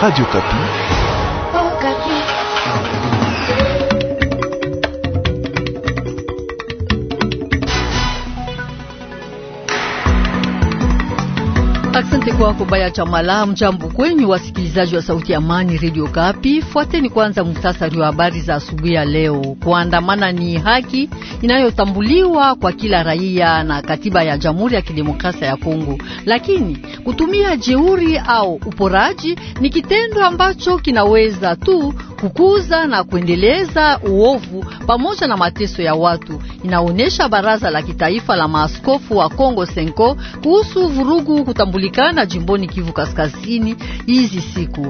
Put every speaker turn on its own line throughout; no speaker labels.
Radio Kapi.
Asante kwa cha Chamala. Mjambo kwenyu wasikilizaji wa Sauti ya Amani redio Kapi. Fuateni kwanza muhtasari wa habari za asubuhi ya leo. Kuandamana ni haki inayotambuliwa kwa kila raia na katiba ya Jamhuri ya Kidemokrasia ya Kongo, lakini kutumia jeuri au uporaji ni kitendo ambacho kinaweza tu kukuza na kuendeleza uovu pamoja na mateso ya watu, inaonyesha baraza la kitaifa la maaskofu wa Kongo Senko kuhusu vurugu kutambulikana jimboni Kivu Kaskazini hizi siku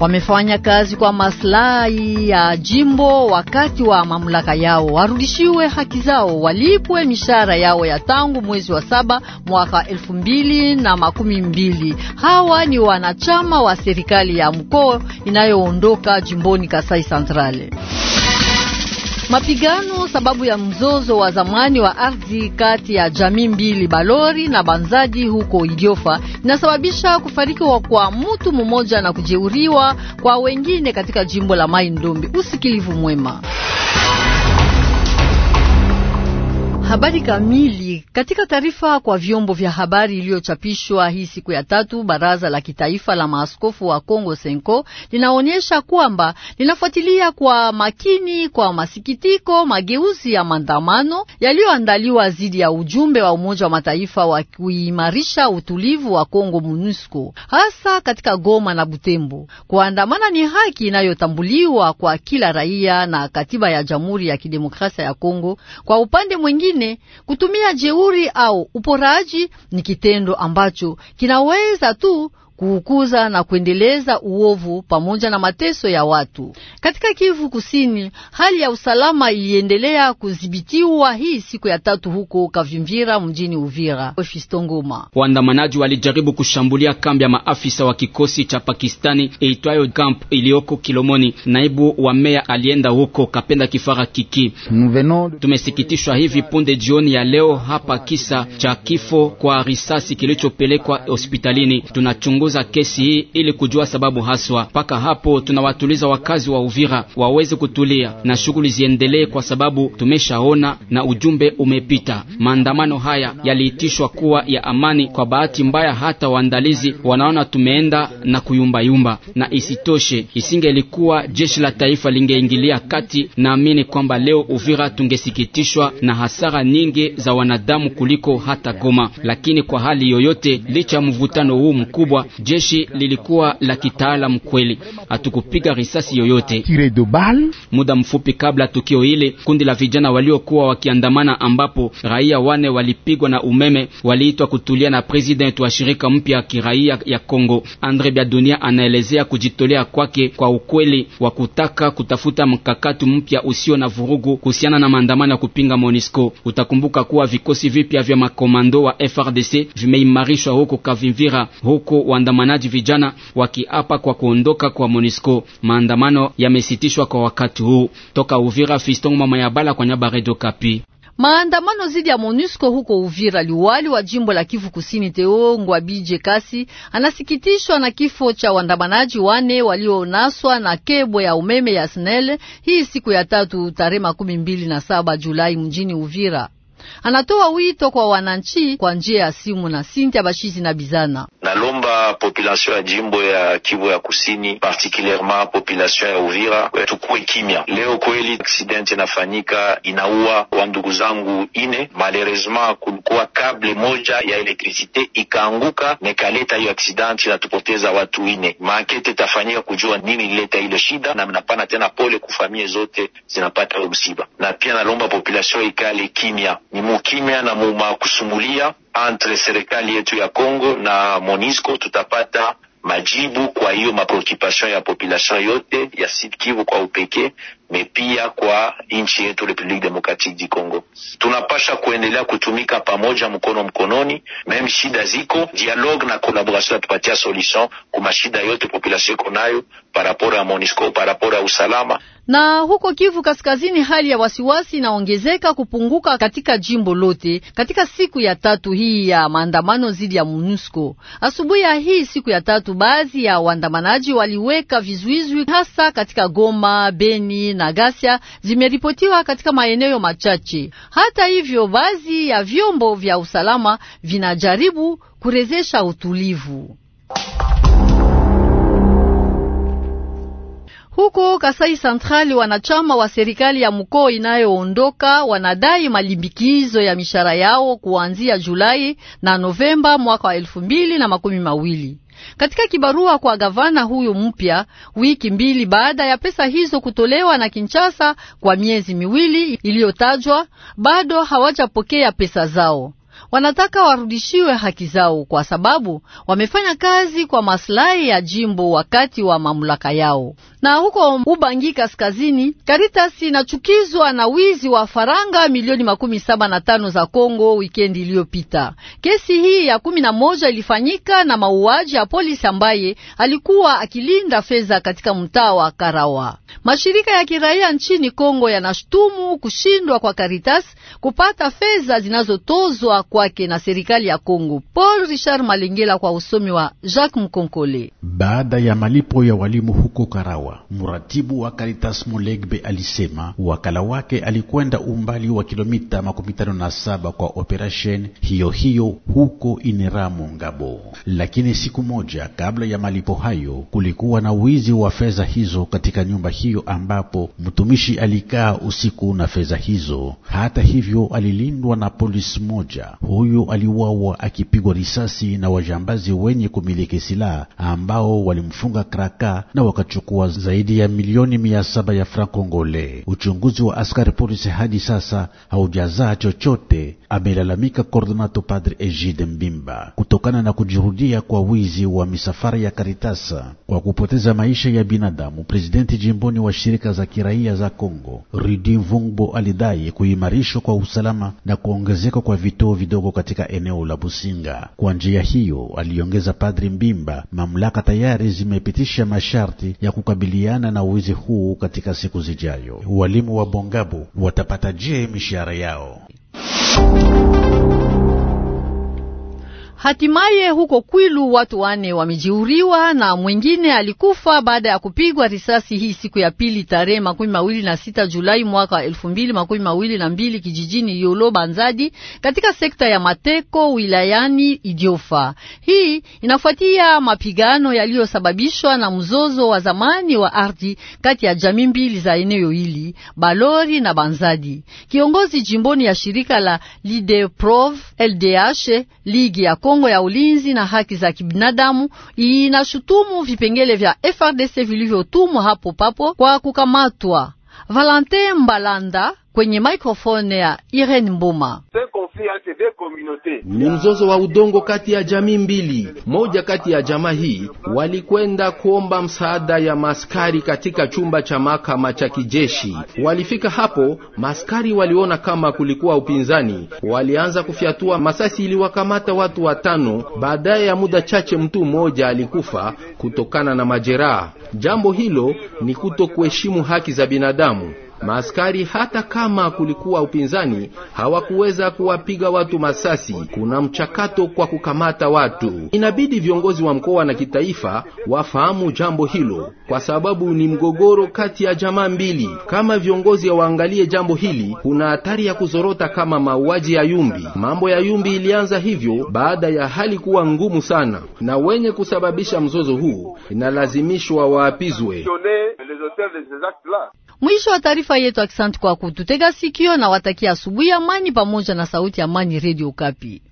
wamefanya kazi kwa maslahi ya jimbo wakati wa mamlaka yao, warudishiwe haki zao, walipwe mishahara yao ya tangu mwezi wa saba mwaka elfu mbili na makumi mbili. Hawa ni wanachama wa serikali ya mkoa inayoondoka jimboni Kasai Centrale. Mapigano sababu ya mzozo wa zamani wa ardhi kati ya jamii mbili Balori na Banzadi huko Idiofa inasababisha kufarikiwa kwa mtu mmoja na kujeuriwa kwa wengine katika jimbo la Mai Ndombe. Usikilivu mwema. Habari kamili katika taarifa kwa vyombo vya habari iliyochapishwa hii siku ya tatu, baraza la kitaifa la maaskofu wa Kongo Senko linaonyesha kwamba linafuatilia kwa makini kwa masikitiko mageuzi ya maandamano yaliyoandaliwa dhidi ya ujumbe wa Umoja wa Mataifa wa kuimarisha utulivu wa Kongo MONUSCO, hasa katika Goma na Butembo. Kuandamana ni haki inayotambuliwa kwa kila raia na katiba ya Jamhuri ya Kidemokrasia ya Kongo. Kwa upande mwingine wengine. Kutumia jeuri au uporaji ni kitendo ambacho kinaweza tu kuukuza na kuendeleza uovu pamoja na mateso ya watu. Katika Kivu Kusini, hali ya usalama iliendelea kudhibitiwa hii siku ya tatu huko Kavimvira mjini Uvira. Ofistongoma,
waandamanaji walijaribu kushambulia kambi ya maafisa wa kikosi cha Pakistani iitwayo camp iliyoko Kilomoni. Naibu wa meya alienda huko Kapenda Kifara Kiki. Tumesikitishwa hivi punde jioni ya leo hapa kisa cha kifo kwa risasi kilichopelekwa hospitalini. Tunachunguza kuchunguza kesi hii ili kujua sababu haswa. Mpaka hapo tunawatuliza wakazi wa Uvira waweze kutulia na shughuli ziendelee, kwa sababu tumeshaona na ujumbe umepita. Maandamano haya yaliitishwa kuwa ya amani. Kwa bahati mbaya, hata waandalizi wanaona tumeenda na kuyumbayumba, na isitoshe, ilikuwa jeshi la taifa lingeingilia kati, naamini kwamba leo Uvira tungesikitishwa na hasara nyingi za wanadamu kuliko hata Goma. Lakini kwa hali yoyote, licha ya mvutano huu mkubwa, Jeshi lilikuwa la kitaalamu kweli, hatukupiga risasi yoyote. Muda mfupi kabla tukio hili, kundi la vijana waliokuwa wakiandamana, ambapo raia wane walipigwa na umeme, waliitwa kutulia na president wa shirika mpya kiraia ya Kongo. Andre Biadunia anaelezea kujitolea kwake kwa ukweli wa kutaka kutafuta mkakati mpya usio na vurugu kuhusiana na maandamano ya kupinga Monisco. Utakumbuka kuwa vikosi vipya vya makomando wa FRDC vimeimarishwa huko Kavimvira huko waandamanaji vijana wakiapa kwa kuondoka kwa MONUSCO. Maandamano yamesitishwa kwa wakati huu. Toka Uvira, Fiston Mama ya Bala kwa nyaba Radio Kapi.
Maandamano zidi ya MONUSCO huko Uvira. Liwali wa jimbo la Kivu Kusini Teo Ngwabije Kasi anasikitishwa na kifo cha waandamanaji wane walionaswa na kebo ya umeme ya SNEL hii siku ya tatu tarehe makumi mbili na saba Julai mjini Uvira anatoa wito kwa wananchi kwa njia ya simu na Sintia Bashizi na Bizana.
Nalomba population ya jimbo ya Kivu ya Kusini, particulierement population ya Uvira, tukue kimya leo. Kweli accident inafanyika inaua wa ndugu zangu ine. Malheureusement kulikuwa kable moja ya elektrisite ikaanguka nekaleta hiyo accident tupoteza watu ine. Maakete tafanyika kujua nini lileta ile shida, na mnapana tena pole kufamie zote zinapata huyo msiba, na pia nalomba population ikale kimya ni mukimya na mumakusumulia entre serikali yetu ya Kongo na Monisco, tutapata majibu kwa hiyo mapreocupation ya population yote ya Sud Kivu kwa upekee me pia kwa nchi yetu Republic democratique du Congo. Tunapasha kuendelea kutumika pamoja, mkono mkononi, meme shida ziko dialogue na collaboration, natupatia solution kuma shida yote population iko nayo parapora ya MONUSCO, rapport ya usalama.
Na huko Kivu Kaskazini, hali ya wasiwasi inaongezeka kupunguka katika jimbo lote katika siku ya tatu hii ya maandamano zidi ya MONUSCO. Asubuhi ya hii siku ya tatu, baadhi ya waandamanaji waliweka vizuizi hasa katika Goma, Beni na ghasia zimeripotiwa katika maeneo machache. Hata hivyo, baadhi ya vyombo vya usalama vinajaribu kurejesha utulivu. Huko Kasai Central wanachama wa serikali ya mkoa inayoondoka wanadai malimbikizo ya mishahara yao kuanzia Julai na Novemba mwaka wa elfu mbili na makumi mawili. Katika kibarua kwa gavana huyo mpya, wiki mbili baada ya pesa hizo kutolewa na Kinshasa kwa miezi miwili iliyotajwa, bado hawajapokea pesa zao. Wanataka warudishiwe haki zao kwa sababu wamefanya kazi kwa maslahi ya jimbo wakati wa mamlaka yao na huko Ubangi Kaskazini, Caritas inachukizwa na wizi wa faranga milioni makumi saba na tano za Kongo wikendi iliyopita. Kesi hii ya kumi na moja ilifanyika na mauaji ya polisi ambaye alikuwa akilinda fedha katika mtaa wa Karawa. Mashirika ya kiraia nchini Kongo yanashutumu kushindwa kwa Caritas kupata fedha zinazotozwa kwake na serikali ya Kongo. Paul Richard Malengela kwa usomi wa Jacques Mkonkole.
Baada ya malipo ya walimu huko Karawa muratibu Mratibu wa karitas Mulegbe alisema wakala wake alikwenda umbali wa kilomita makumi tano na saba kwa operasheni hiyo hiyo huko Iniramu Ngabo, lakini siku moja kabla ya malipo hayo kulikuwa na wizi wa fedha hizo katika nyumba hiyo ambapo mtumishi alikaa usiku na fedha hizo. Hata hivyo, alilindwa na polisi moja. Huyo aliuawa akipigwa risasi na wajambazi wenye kumiliki silaha ambao walimfunga kraka na wakachukua zaidi ya milioni mia saba ya franc Kongole. Uchunguzi wa askari polisi hadi sasa haujazaa chochote, amelalamika Kordonato Padre Egide Mbimba, kutokana na kujirudia kwa wizi wa misafara ya Karitasa kwa kupoteza maisha ya binadamu. Presidenti jimboni wa shirika za kiraia za congo Rudi Mvungbo alidai kuimarishwa kwa usalama na kuongezeka kwa vituo vidogo katika eneo la Businga. Kwa njia hiyo, aliongeza Padri Mbimba, mamlaka tayari zimepitisha masharti ya kukabili kukabiliana na uwizi huu katika siku zijayo. Walimu wa Bongabu watapata je mishahara yao?
Hatimaye huko Kwilu watu wane wamejiuriwa na mwingine alikufa baada ya kupigwa risasi hii siku ya pili tarehe makumi mawili na sita Julai mwaka elfu mbili makumi mawili na mbili kijijini Yolo Banzadi katika sekta ya Mateko wilayani Idiofa. Hii inafuatia mapigano yaliyosababishwa na mzozo wa zamani wa ardhi kati ya jamii mbili za eneo hili Balori na Banzadi. Kiongozi jimboni ya shirika la Lideprov LDH ligi ya Kongo Kongo ya ulinzi na haki za kibinadamu inashutumu vipengele vya FRDC vilivyotumwa hapo papo kwa kukamatwa Valentin Mbalanda kwenye microphone ya Irene mbuma
ni mzozo wa udongo kati ya jamii mbili. Moja kati ya jamaa hii walikwenda kuomba msaada ya maskari katika chumba cha mahakama cha kijeshi. Walifika hapo, maskari waliona kama kulikuwa upinzani, walianza kufyatua masasi, iliwakamata watu watano. Baadaye ya muda chache mtu mmoja alikufa kutokana na majeraha. Jambo hilo ni kutokuheshimu haki za binadamu. Maaskari hata kama kulikuwa upinzani, hawakuweza kuwapiga watu masasi. Kuna mchakato kwa kukamata watu. Inabidi viongozi wa mkoa na kitaifa wafahamu jambo hilo, kwa sababu ni mgogoro kati ya jamaa mbili. Kama viongozi hawaangalie jambo hili, kuna hatari ya kuzorota kama mauaji ya Yumbi. Mambo ya Yumbi ilianza hivyo baada ya hali kuwa ngumu sana, na wenye kusababisha mzozo huu inalazimishwa waapizwe.
Mwisho wa taarifa yetu. Akisanti kwa kututega sikio na watakia asubuhi amani pamoja na sauti ya amani, Radio Kapi.